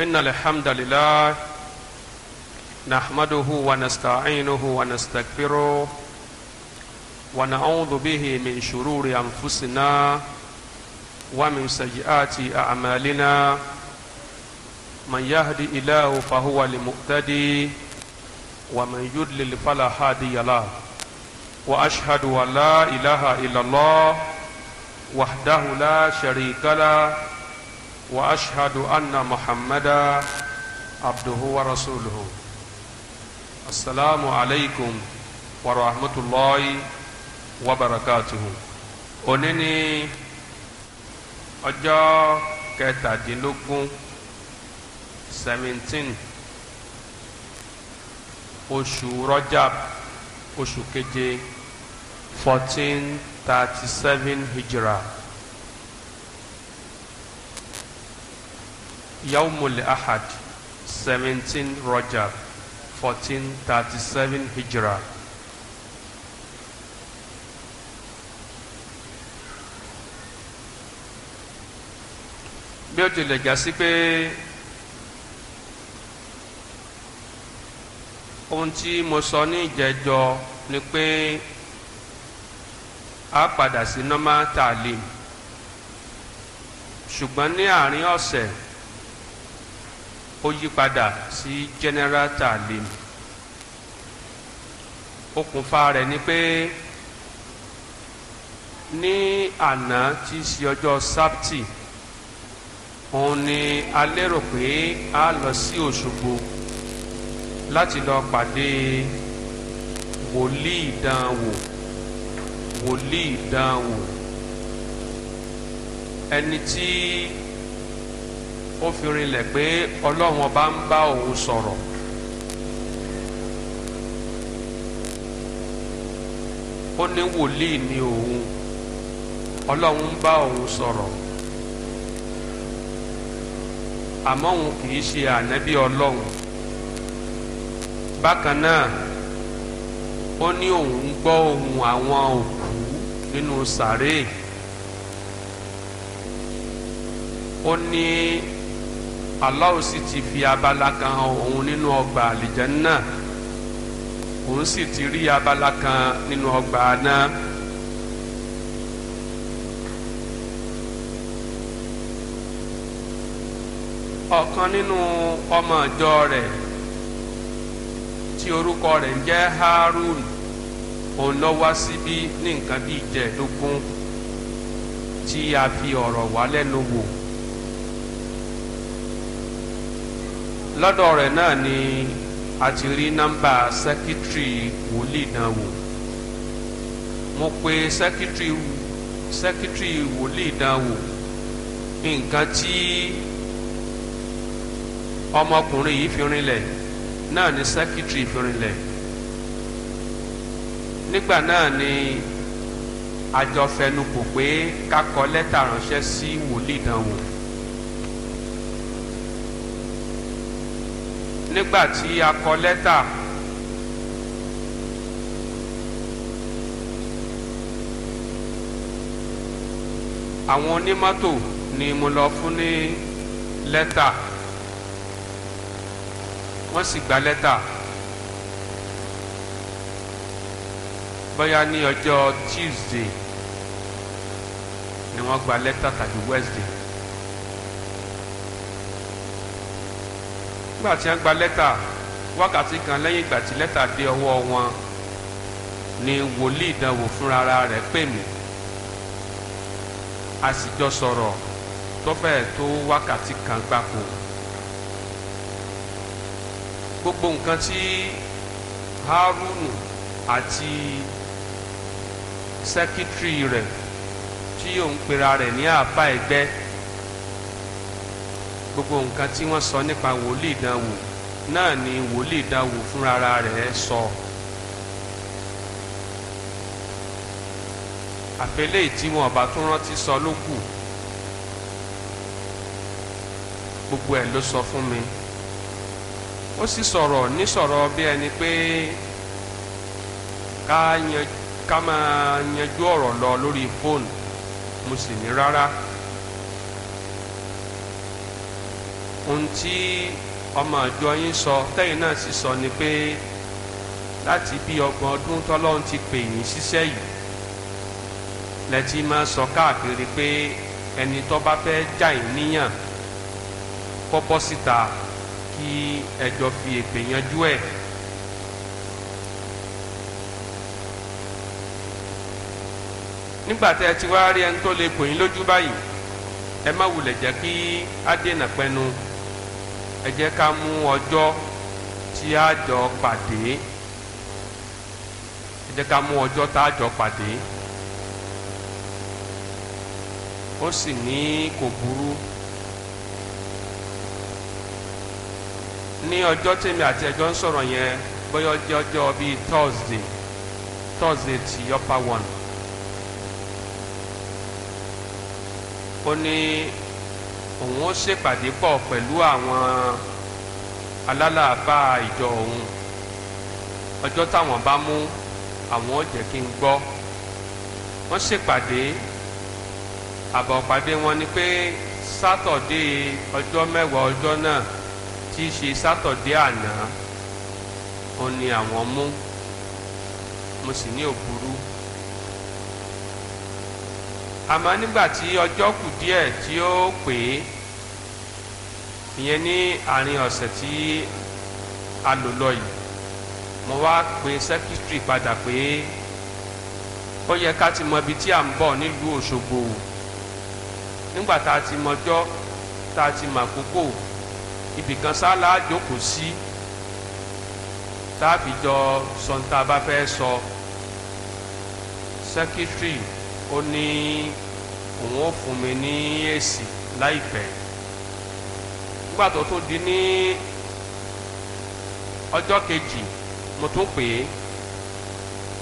إن الحمد لله نحمده ونستعينه ونستغفره ونعوذ به من شرور أنفسنا ومن سيئات أعمالنا من يهدي إله فهو المؤتدي ومن يدلل فلا هادي له وأشهد أن لا إله إلا الله وحده لا شريك له واشهد ان محمدا عبده ورسوله السلام عليكم ورحمه الله وبركاته òní ni ọjọ́ kẹtàdínlógún seventeen oṣù rọjab oṣù keje fourteen thirty seven hijra. yawmul ahad seventeen rajab fourteen thirty seven hijra. bí ó tilẹ̀ já sí pé ohun tí mo sọ ní ìjẹjọ ni pé a padà sí normal talim ṣùgbọ́n ní àárín ọ̀sẹ̀ ó yí padà sí general talim okùnfà rẹ̀ ni pé ní àná tí í ṣe ọjọ́ sábtì òun ni a lérò pé a lọ sí Òṣogbo láti lọ pàdé wòlíì dánwò wòlíì dánwò ẹni tí ó fi rinlẹ̀ pé ọlọ́run ọba ń bá òun sọ̀rọ̀ ó ní wòlíì ni òun ọlọ́run ń bá òun sọ̀rọ̀ àmọ́ òun kì í ṣe ànábì ọlọ́run bákan náà ó ní òun ń gbọ́ ohùn àwọn òkú nínú sàréè ó ní. Allahu sì ti fi abala kan hàn òun nínú ọgbà àlìjẹ́nnà òun sì ti rí abala kan nínú ọgbà náà. ọ̀kan nínú ọmọ ìjọ rẹ̀ tí orúkọ rẹ̀ ń jẹ́ Harun òun lọ wá síbí ní nǹkan bíi ìjẹ̀ẹ́dógún tí a fi ọ̀rọ̀ wá lẹ́nu wò. lọ́dọ̀ rẹ̀ náà ni a ti rí nọ́mbà sẹ́kítírì wòlíì náà wò mo pe sẹ́kítírì sẹ́kítírì wòlíì náà wò nǹkan tí ọmọkùnrin yìí fi rinlẹ̀ náà ni sẹ́kítírì fi rinlẹ̀ nígbà náà ni àjọ fẹnukò pé ká lẹ́tà ránṣẹ́ sí wòlíì náà wò. Si nígbà tí a kọ lẹ́tà àwọn onímọ́tò ni mo lọ fún ní lẹ́tà wọ́n sì gba lẹ́tà bóyá ní ọjọ́ Tuesday ni wọ́n gba lẹ́tà tàbí Wednesday. nígbà tí wọ́n gba lẹ́tà wákàtí kan lẹ́yìn ìgbà tí lẹ́tà dé ọwọ́ wọn ni wòlíì ìdánwò fúnra rẹ̀ pè mí a sì jọ sọ̀rọ̀ tó fẹ́ẹ̀ tó wákàtí kan gbáko gbogbo nǹkan tí Harunu àti sẹ́kítírì rẹ̀ tí yóò ń pera rẹ̀ ní àbá ẹgbẹ́. E gbogbo nǹkan tí wọ́n sọ nípa wòlíì ìdánwò náà ni wòlíì ìdánwò fúnra rẹ̀ sọ. àpèlé tí wọn bá tún rántí sọ ló kù gbogbo ẹ̀ ló sọ fún mi ó sì sọ̀rọ̀ nísọ̀rọ̀ bí ẹni pé ká máa yanjú ọ̀rọ̀ lọ lórí fóònù mo sì ní rárá. ohun tí ọmọ àjọ yín sọ tẹ́yìn náà sì sọ ni pé láti bí ọgbọ̀n ọdún tọ́lọ́run ti pè yín ṣiṣẹ́ yìí lẹ́tí máa sọ káàkiri pé ẹni tó bá fẹ́ já yín níyàn kó bọ́ síta kí ẹjọ́ fi èpè yanjú ẹ̀. nígbà tẹ́ ẹ ti wá rí ẹni tó lè pò yín lójú báyìí ẹ má wulẹ̀ jẹ́ kí á dènà pẹnu ẹ jẹ́ ká mú ọjọ́ tí a jọ pàdé ẹ jẹ́ ká mú ọjọ́ tá a jọ pàdé ó sì ní kò burú ní ọjọ́ tèmi àti ẹjọ́ ń sọ̀rọ̀ yẹn bóyá ọjọ́ ọjọ́ bíi Thursday Thursday ti yọpa one ó ní òun ó ṣèpàdé pọ̀ pẹ̀lú àwọn alálàáfà ìjọ òun ọjọ́ táwọn bá mú àwọn ó jẹ́ kí n gbọ́ wọ́n ṣèpàdé àbọ̀pàdé wọn ni pé sátọ̀dé ọjọ́ mẹ́wàá ọjọ́ náà tí í ṣe sátọ̀dé àná òun ni àwọn mú mo sì ní òbúrú àmọ́ nígbà tí ọjọ́ kù díẹ̀ tí ó pè é ìyẹn ní àárín ọ̀sẹ̀ tí a lò lọ yìí mo wá pe sẹ́kítírì padà pé ó yẹ ká ti mọ ibi tí à ń bọ̀ nílùú Òṣogbo nígbà tá a ti mọjọ́ tá a ti mọ àkókò ibìkan sálá jókòó sí tá a fi jọ sọ bá fẹ́ sọ sẹ́kítírì ó ní òun ó fún mi ní èsì láìpẹ́ nígbà tó tún di ní ọjọ́ kejì mo tún pè é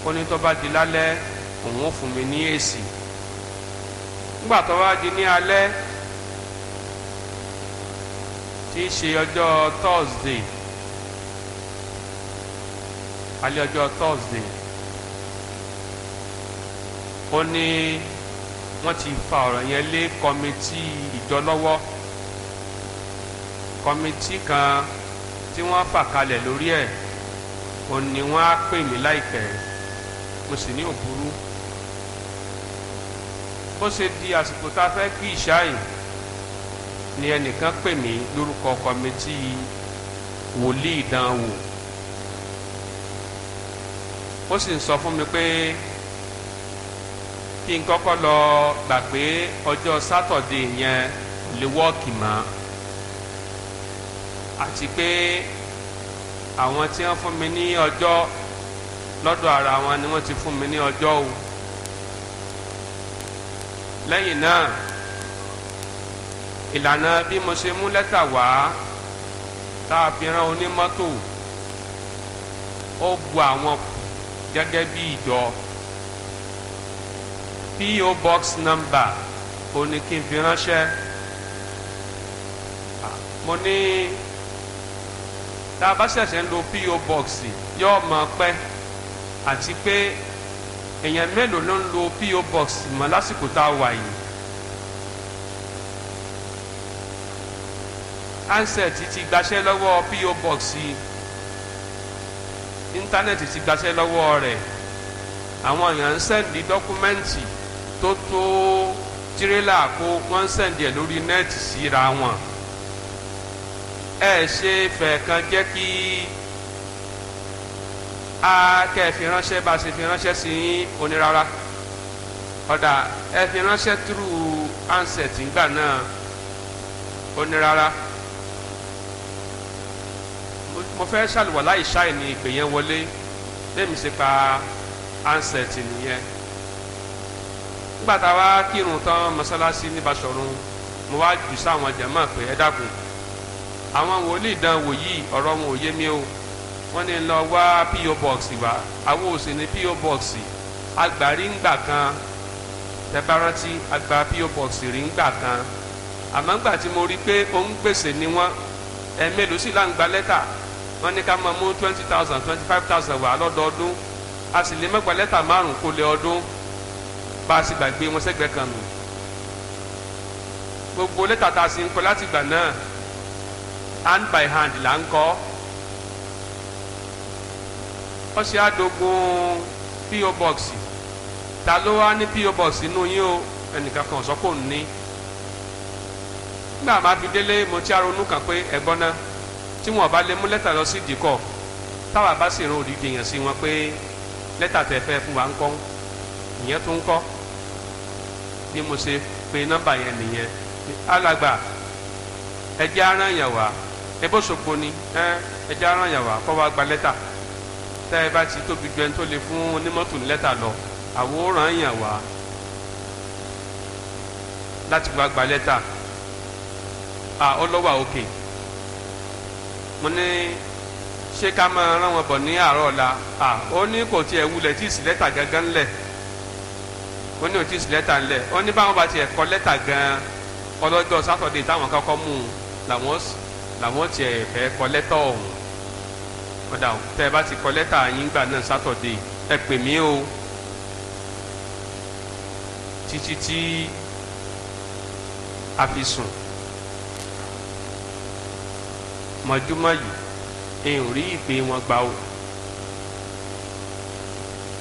ó ní tó bá di lálẹ́ òun ó fún mi ní èsì nígbà tó bá di ní alẹ́ tí í ṣe ọjọ́ Thursday alẹ́ ọjọ́ Thursday ó ní wọ́n ti fa ọ̀rọ̀ yẹn lé kọ́mítì ìjọ lọ́wọ́ kọ́mítì kan tí wọ́n fà kalẹ̀ lórí ẹ̀ ó ní wọ́n á pè mí láìpẹ́ mo sì ní òbúrú bó ṣe di àsìkò tá a fẹ́ kí ìṣáì ni ẹnìkan pè mí lórúkọ kọ́mítì wòlíì ìdánwò ó sì ń sọ fún mi pé. Pe kí n kọ́kọ́ lọ gbà pé ọjọ́ sátọ̀dé yẹn lè wọ́ọ̀kì mọ́ àti pé àwọn tí wọ́n fún mi ní ọjọ́ lọ́dọ̀ ara wọn ni wọ́n ti fún mi ní ọjọ́ o lẹ́yìn náà ìlànà bí mo ṣe mú lẹ́tà wá tá a fi rán onímọ́tò ó bu àwọn gẹ́gẹ́ bí ìjọ. PO box number òní kí n fi ránṣẹ́ ah, mo ní tá a bá ṣẹ̀ṣẹ̀ ń lo PO box yóò mọ̀ pẹ́ àti pé èèyàn mélòó ló ń lo PO box mọ́ lásìkò tá a wà yìí. handset ti gbaṣẹ́ lọ́wọ́ PO box íńtánẹ́ẹ̀tì ti gbaṣẹ́ lọ́wọ́ rẹ̀ àwọn èèyàn ń sẹ́ndí dọ́kúmẹ́ǹtì tó tó tirẹ́là kó wọ́n ń sẹ̀ǹdì ẹ̀ lórí nẹ́ẹ̀tì síra wọn ẹ ṣe fẹ́ kan jẹ́ kí a kẹ́ ẹ fi ránṣẹ́ bá a ṣe fi ránṣẹ́ sí onírara ọ̀dà ẹ fi ránṣẹ́ túrú ansẹ̀tì ńgbà náà onírara mo fẹ́ ṣàlùwà láì ṣáì ní ìpè yẹn wọlé lẹ́mi ṣe pa ansẹ̀tì nìyẹn nígbà tá a wá kírun tán mọ́sálásí ní Basọ̀run mo wá jù sáwọn jàmáà pé ẹ dákun àwọn wòlíì dán wò yìí ọ̀rọ̀ wọn ò yé mi o wọ́n ní lọ wá PO box wá àwọn ò sì ní PO box agbárí ńgbà kan tẹ́bárántí agba PO box rí ńgbà kan àmọ́ ńgbà tí mo rí pé òun gbèsè ni wọ́n ẹ̀ẹ́mẹ́lò sí là lẹ́tà wọ́n ní ká máa mú twenty thousand twenty five thousand wá lọ́dọọdún a sì lè mẹ́gbàá lẹ́tà márùn-ún kó lé ọdún bá a sì gbàgbé wọn sẹ́gbẹ̀ẹ́ kan gbogbo lẹ́tà tá a sì ń kọ láti hand by hand là ń kọ ó àdógún PO box ta ló wá ní PO box inú yín o ẹnìkan kan sọ pé ní nígbà máa fi délé mo ti aronú kan pé ẹ̀gbọ́n náà tí wọn bá lè mú lẹ́tà lọ sí ìdíkọ̀ táwa bá sì ran òdìdí yẹn sí wọn pé lẹ́tà tẹ fẹ́ wa ń bí mo ṣe pe nọ́mbà yẹn nìyẹn alagba ẹjẹ́ aràn yẹn wá ẹbí Òṣogbo ni ẹjẹ́ aràn yẹn wá kọ́ wa gba lẹ́tà tẹ́ ẹ bá ti tóbi ju ẹni tó lè fún onímọ́tò ní lẹ́tà lọ àwòrán yẹn wá láti wá gba lẹ́tà à ọlọ́wà òkè mo ní ṣé ká máa rán wọn bọ̀ ní àárọ̀ ọ̀la à ó ní kò tiẹ̀ wulẹ̀ tí ì gángan lẹ̀ ó ní òtí lẹ́tà ńlẹ̀ ó ní báwọn bá tiẹ̀ kọ lẹ́tà gan-an ọlọ́jọ́ sátọ̀dé táwọn kọ́kọ́ mú un làwọn làwọn tiẹ̀ fẹ́ kọ lẹ́tà ọ̀hún ọ̀dà tẹ́ ẹ bá ti kọ lẹ́tà yín gbà náà sátọ̀dé ẹ pè mí o títí tí a fi sùn mọ̀júmọ́ yìí èèyàn rí ìpè wọn gbà o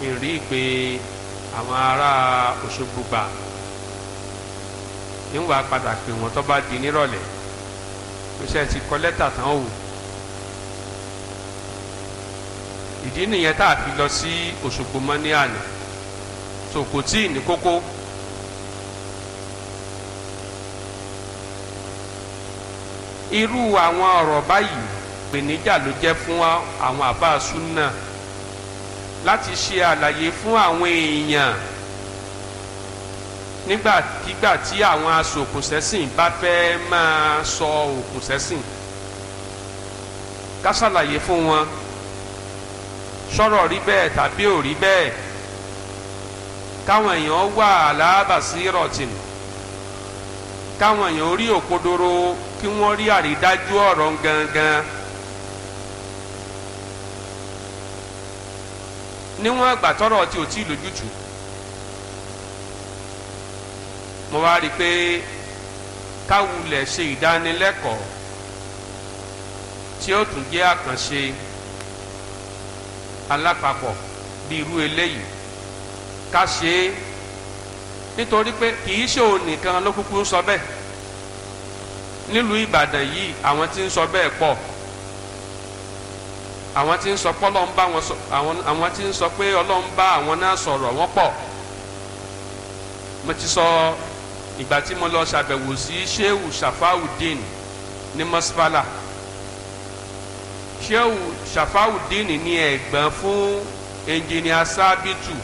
èèyàn rí ìpè àwọn ará Òṣogbo gbà níwà padà pé wọ́n tó bá di nírọ̀lẹ́ kò sẹ́ ti kọ lẹ́tà tán o ìdí nìyẹn tá a fi lọ sí Òṣogbo mọ́ ní àná tó kò tí ì ní kókó. irú àwọn ọ̀rọ̀ báyìí pèníjà ló jẹ́ fún àwọn àbá súnà láti ṣe àlàyé fún àwọn èèyàn nígbàkigbà tí àwọn asòkùnsẹ́sìn bá fẹ́ máa sọ òkùnsẹ́sìn ká ṣàlàyé fún wọn sọ̀rọ̀ rí bẹ́ẹ̀ tàbí ò rí bẹ́ẹ̀ káwọn èèyàn wà aláàbàsí rọ̀tìn káwọn èèyàn rí òkodoro kí wọ́n rí àrídájú ọ̀rọ̀ gangan. níwọ̀n àgbà tọrọ tí ò tí ì lójútùú mo wá rí i pé káwulẹ̀ ṣe ìdánilẹ́kọ̀ọ́ tí ó tún jẹ́ àkànṣe alápapọ̀ bí irú eléyìí ká ṣe é nítorí pé kì í ṣe òun nìkan ló kúkú ń sọ bẹ́ẹ̀ nílùú Ìbàdàn yìí àwọn tí ń sọ bẹ́ẹ̀ pọ̀ àwọn tí ń sọ pé ọlọ́run bá wọn sọ àwọn àwọn tí ń sọ pé ọlọ́run bá àwọn náà sọ̀rọ̀ wọ́n pọ̀ mo ti sọ ìgbà tí mo lọ ṣàbẹ̀wò sí sheu shafawudeen ní mọ́sífàlà sheu shafawudeen ní ẹ̀gbọ́n fún ẹnjìnìá sábìtù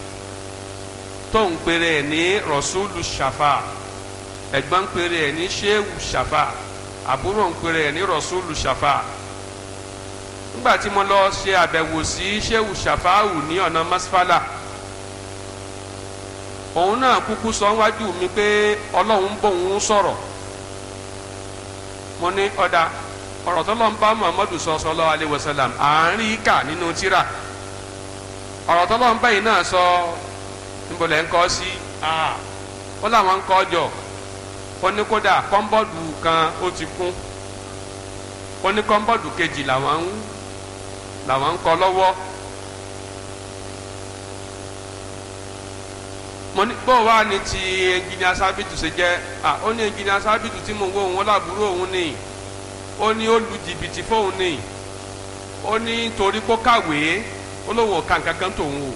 tó ń pèrè ẹ̀ ní rasulu shafa ẹ̀gbọ́n ń pèrè ẹ̀ ní sheu shafa àbúrò ń pèrè ẹ̀ ní rasulu shafa nígbà tí mo lọ ṣe àbẹ̀wò sí Shehu Shafau ní ọ̀nà Masfala òun náà kúkú sọ wájú mi pé ọlọ́run bòun sọ̀rọ̀ mo ní ọ̀dà ọ̀rọ̀ tó lọ́n bá Muhammadu sọ sallallahu alaihi wasallam àárín kà nínú tírà ọ̀rọ̀ tó lọ́n bá yìí náà sọ níbo lẹ́ ń kọ́ sí ó láwọn ń kọ́ jọ ó ní kódà kọ́ńbọ́ọ̀dù kan ó ti kún ó ní kọ́ńbọ́ọ̀dù kejì làwọn ń làwọn ń kọ lọ́wọ́ mo ní bó wá ní ti ẹnjìnìá sábìtù ṣe jẹ́ à ó ní ẹnjìnìá sábìtù tí mo wọ òun láàbúrò òun ni ó ní ó lu jìbìtì fóun ni ó ní torí kó kàwé ó lóun ò ka nǹkan kan tòun o ó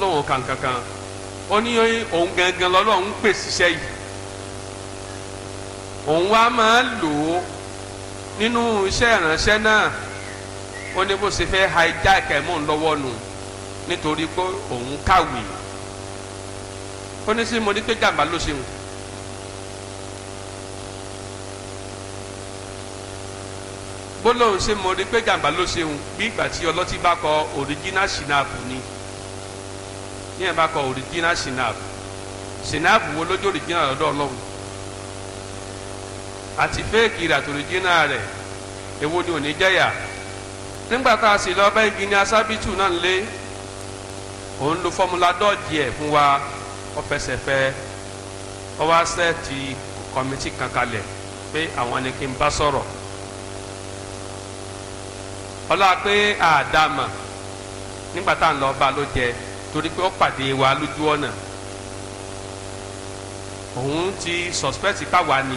lóun ò ka nǹkan kan ó ní òun gangan lọ́lọ́run ń pèsè iṣẹ́ yìí òun wá máa lò ó nínú iṣẹ́ ìránṣẹ́ náà ó ní bó ṣe fẹ́ hijack ẹ̀ mọ́ ń lọ́wọ́ nu nítorí pé òun kàwé ó ní sí mo ní pé jàǹbá ló ṣe wọn. gbólóhùn ṣe mo rí pé jàǹbá ló ṣeun bí ìgbà tí ọlọ́tí bá kọ original sinap ni ní ẹ̀ bá kọ original sinap sinap wo lójú original lọ́dọ̀ ọlọ́run àti fẹ́ẹ̀kì rẹ̀ àti original rẹ̀ èwo ni ò ní jẹ́yà nígbà tá a sì lọ bá igi ní asábìtù náà lé òun lo fọmúlà dọ́ọ̀jì ẹ̀ fún wa ọ̀fẹsẹ̀fẹ́ ọwọ́ asẹ́ẹ̀tì kọ́mítì kan kalẹ̀ pé àwọn ni kí n bá sọ̀rọ̀ ọlá pé àdàmà nígbà tá à ń lọ bá ló jẹ torí pé ó pàdé wa lójú ọ̀nà òun ti suspect káwa ni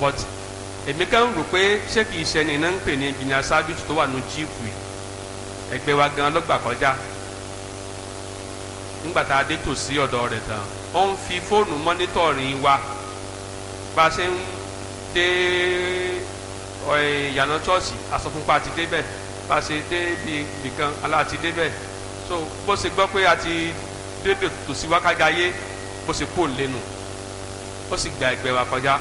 but èmi kàn ń rò pé ṣé kìí ṣẹni iná ń pè ní ìjìnlẹ̀ aṣáájú tó wà ní jíìpù yìí ẹgbẹ́ wa gan lọ́gbà kọjá nígbà tá a dé tòsí ọ̀dọ̀ rẹ̀ tán ó ń fi fóònù mọ́nítọ̀rìn wa bá a ṣe ń dé ìyànà chọ́ọ̀ṣì àsọfúnpá ti débẹ̀ bá a ṣe dé bí nìkan aláàtí débẹ̀ so bó ṣe gbọ́ pé a ti débẹ̀ tòsí wákàgáyé bó ṣe kó lẹ́nu ó sì gba ẹgbẹ́ wa kọjá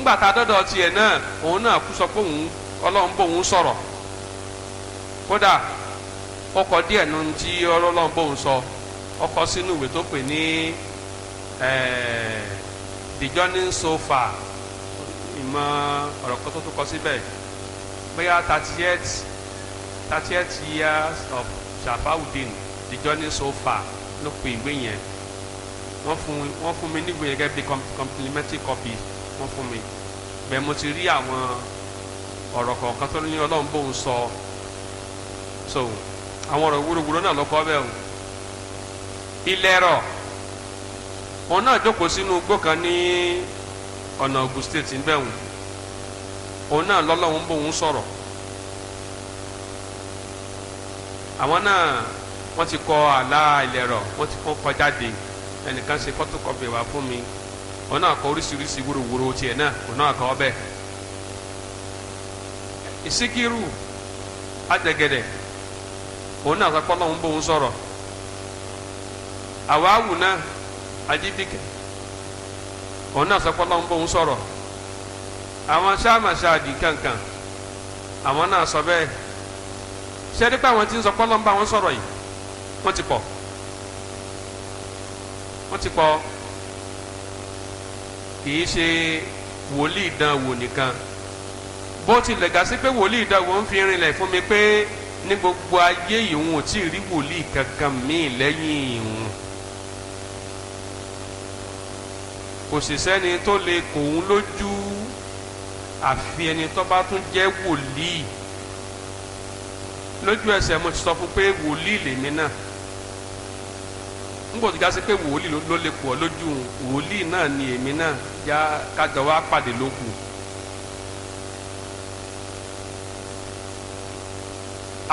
ńgbà tá a dọ́dọ̀ tiẹ̀ náà òun náà kú sọ pé òun ọlọ́run bóun sọ̀rọ̀ kódà ó kọ díẹ̀ nu ti ọlọ́run bóun sọ ó kọ sínú ìwé tó pè ní the journey so far ìmọ̀ ọ̀rọ̀ kan tó tó kọ síbẹ̀ bóyá thirty eight thirty eight years of Shafauddin the journey so far ló pè ìwé yẹn wọ́n fún wọ́n fún mi nígbè gẹ́gẹ́ bí complimentary copy kún fún mi bẹ́ẹ̀ mo ti rí àwọn ọ̀rọ̀ kọ̀ọ̀kan tó ní ọlọ́run bóun sọ so àwọn ọ̀rọ̀ wúrowúro náà lọ́kọ́ bẹ́ẹ̀ o ilẹ̀rọ̀ òun náà jókòó sínú igbó kan ní ọ̀nà Ògùn state ń bẹ̀wò òun náà lọ́lọ́run bóun sọ̀rọ̀ àwọn náà wọ́n ti kọ àlà ilẹ̀rọ̀ wọ́n ti kọ́ kọjáde ẹnìkan ṣe photocopy wá fún mi. ọ na-akọ orisi gburu gburu ochie na ọ na-akọ ọbẹ isikiru adegede ọ na-akọkọlọ mbụ nsọrọ awa awu na adibike ọ na-akọkọlọ mbụ nsọrọ awa shamasha adị nkanka awa na-asọbe sedekpe awọn ti nsọkọlọ mbụ awọn sọrọ yi wọn ti kìí ṣe wòlíì dánwò nìkan bó tilẹ̀ gà sí pé wòlíì dánwò ń fi rinlẹ̀ fún mi pé ní gbogbo ayé ìhun ò tí ì rí wòlíì kankan míì lẹ́yìn ìhun kò sì sẹ́ni tó lè kòun lójú àfi ẹni tó bá tún jẹ́ wòlíì lójú ẹsẹ̀ mo ti sọ fún pé wòlíì lèmi náà nbọ ti gasi pé wòlíì ló lè pọ̀ lójú wòlíì náà ni èmi náà yá kájọ wá pàdé lókù.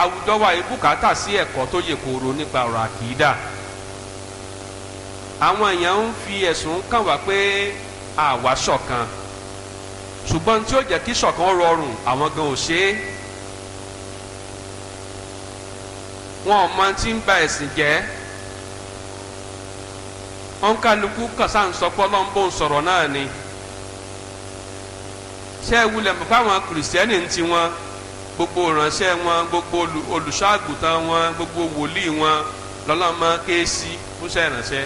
àwùjọ wa ìbùkátà sí ẹ̀kọ́ tó yẹ kóró nípa ọ̀rọ̀ àkìdá àwọn èèyàn ń fi ẹ̀sùn kàn wá pé àwa ṣọ̀kan ṣùgbọ́n tí ó jẹ́ kí ṣọ̀kan rọrùn àwọn gan ò ṣe é wọn ò mọ tí ń ba ẹ̀sìn jẹ́ ònkàlùkù kàṣà kasa sọ pé nsọrọ naanị. ń sọ̀rọ̀ náà ni ṣé ẹ wulẹ̀ gbogbo ìránṣẹ́ wọn gbogbo olùṣọ́àgùtàn wọn gbogbo wòlíì wọn lọ́lọ́mọ kéésì fúnṣẹ́ ìránṣẹ́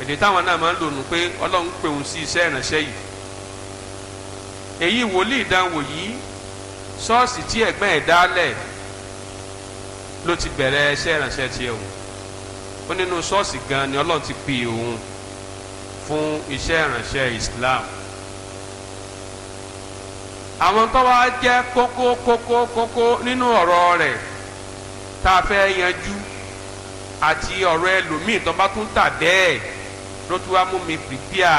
èdè táwọn náà máa ń lò nù pé ọlọ́run sí iṣẹ́ yìí èyí wòlíì ìdánwò yìí ṣọ́ọ̀ṣì tí ẹ̀gbọ́n ó nínú ṣọ́ọ̀ṣì gan ni ọlọ́run ti pè òun fún iṣẹ́ ìrànṣẹ́ Islam àwọn tó wá jẹ́ kókó kókó kókó nínú ọ̀rọ̀ rẹ̀ tá a fẹ́ yanjú àti ọ̀rọ̀ ẹlòmíì tó bá tún tà bẹ́ẹ̀ ló tún wá mú mi pìpìà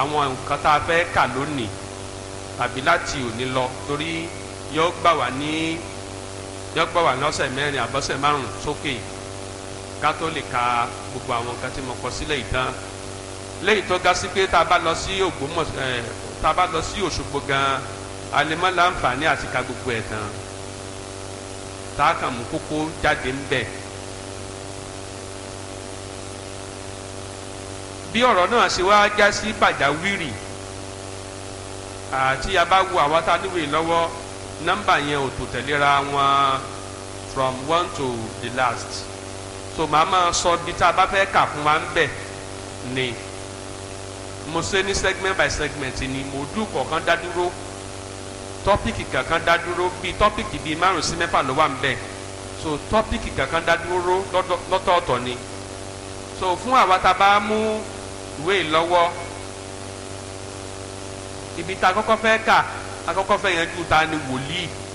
àwọn nǹkan tá a fẹ́ kà lónìí tàbí láti òní lọ torí yóò gbà wá ní yóò gbà wá ní ọ̀sẹ̀ mẹ́rin àbọ̀sẹ̀ márùn-ún sókè. So ká tó lè ka gbogbo àwọn nǹkan tí mo kọ sílẹ̀ ìtàn lẹ́yìn tó ga sí pé tá a bá lọ sí Ògbómọ̀ ẹ̀ tá a bá lọ sí Òṣogbo gan-an a lè má láǹfààní àti ka gbogbo ẹ̀ tán tá a kàn mú kókó jáde ń bẹ̀. bí ọ̀rọ̀ náà ṣe wá já sí pàjáwìrì àti a bá wo àwa tá a níwèé lọ́wọ́ nọ́mbà yẹn ò tò tẹ̀léra wọn from one to the last so màá máa sọ bí tá a bá fẹ́ kà fún wa ń bẹ̀ ni mo ṣe ní segment by segment ni mo dú kọ̀ọ̀kan dá dúró tọ́pìkì kankan dá dúró bíi tọ́pìkì bíi márùn sí mẹ́fà ló wà ń bẹ̀ so tọ́pìkì kankan dá dúró lọ́tọ̀ọ̀tọ̀ ni so fún àwa tá a bá mú ìwé ìlọ́wọ́ ibi tá a kọ́kọ́ fẹ́ kà a kọ́kọ́ fẹ́ yanjú ta ni wòlíì.